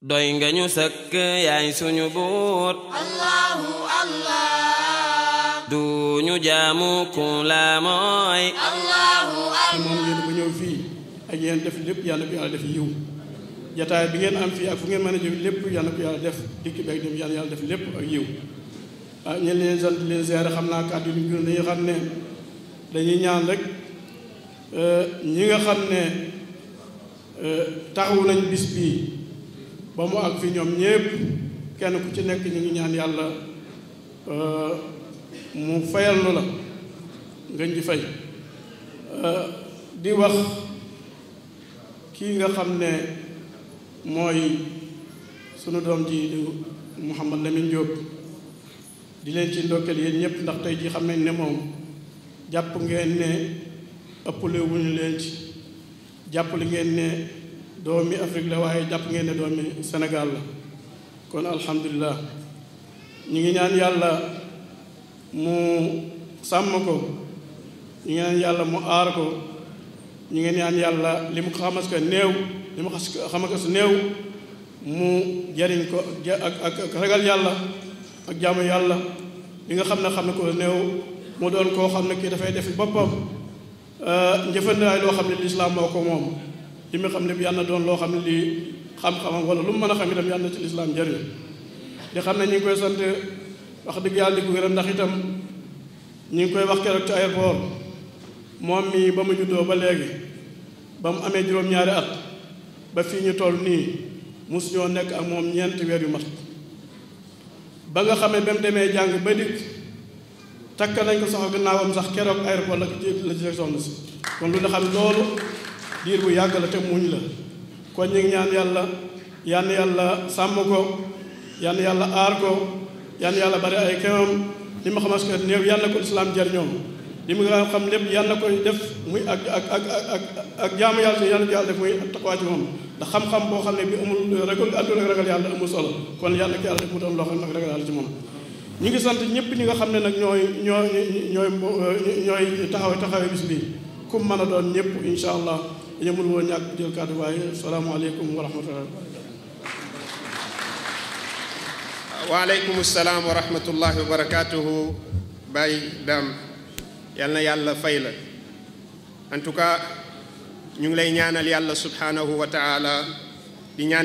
doy nga ñu sëkk yaay suñu buur allahu allah du ñu jaamu ku la mooy allahu allah moom ba ñëw fii ak yéen def lépp yàlla ko yàlla def yiw jataay bi ngeen am fii ak fu ngeen mën a jëm lépp yàlla ko yàlla def dikki dem yàlla yàlla def lépp ak yiw ah ñu leen sant leen seere xam naa kàddu yi ñu dañuy xam ne dañuy ñaan rek eh, ñi nga xam ne eh, taxawu nañ bis bii ba mu ak fii ñoom ñépp kenn ku ci nekk ñu ngi ñaan yàlla euh, mu fayal nu la ngeen ji fay euh, di wax kii nga xam ne mooy sunu doom ji di Mouhamed Lamine Diop di leen ci ndokkeel yéen ñëpp ndax tey ji xam nañ ne moom jàpp ngeen ne ëppale wuñu leen ci jàppale ngeen ne doomi Afrique la waaye jàpp ngeen ne doomi Sénégal la kon alhamdulilah ñu ngi ñaan yàlla mu sàmm ko ñu ngi ñaan yàlla mu aar ko ñu ngi ñaan yàlla li mu xamas néew li mu xamas ko néew mu jariñ ko ak ak yàlla ak nga xam ne xam ne ko néew mu doon koo xam ne kii dafay def boppam euh, njëfandaay loo xam ne lislaam ko moom li mu xam lépp yàlla na doon loo xam ne lii xam-xamam wala lu mu mën a xam itam yàlla na ci lislaam jëriñ di xam ne ñu ngi koy sant wax dëgg yàlla di ko gërëm ndax itam ñu ngi koy wax keroog ci aéroport moom mii ba mu juddoo ba léegi ba mu amee juróom-ñaari at ba fii ñu toll nii mosu ñoo nekk ak moom ñeenti weer yu mat ba nga xamee ba mu demee jàng ba dikk takk nañ ko sax gannaawam sax keroog aéroport la ci la ci si kon lu nga xam loolu diir bu yàgg la te muñ la kon ñu ngi ñaan yàlla yan yàlla sàmm ko yan yàlla aar ko yan yàlla bari ay kewam li ma xamas ko néew yàlla ko islaam jar ñoom li mu nga xam lépp yàlla koy def muy ak ak ak ak ak jaamu yàlla yàlla ko yàlla def muy taqwaa ci moom ndax xam-xam boo xam ne bi amul ragal àdduna ak ragal yàlla amul solo kon yàlla ko yàlla def mu doon loo xam ne ak ragal yàlla ci moom ñu ngi sant ñëpp ñi nga xam ne nag ñooy ñooy ñooy ñooy taxaw taxawee bis bii kum mën doon ñëpp incha allah yëmul woo ñàkk jël kàddu waaye salaamaaleykum wa rahmatullah waaleykum salaam wa rahmatullah wa barakaatuhu Baye Dame yal na yàlla fay la en tout ñu ngi lay ñaanal yàlla subhanahu wa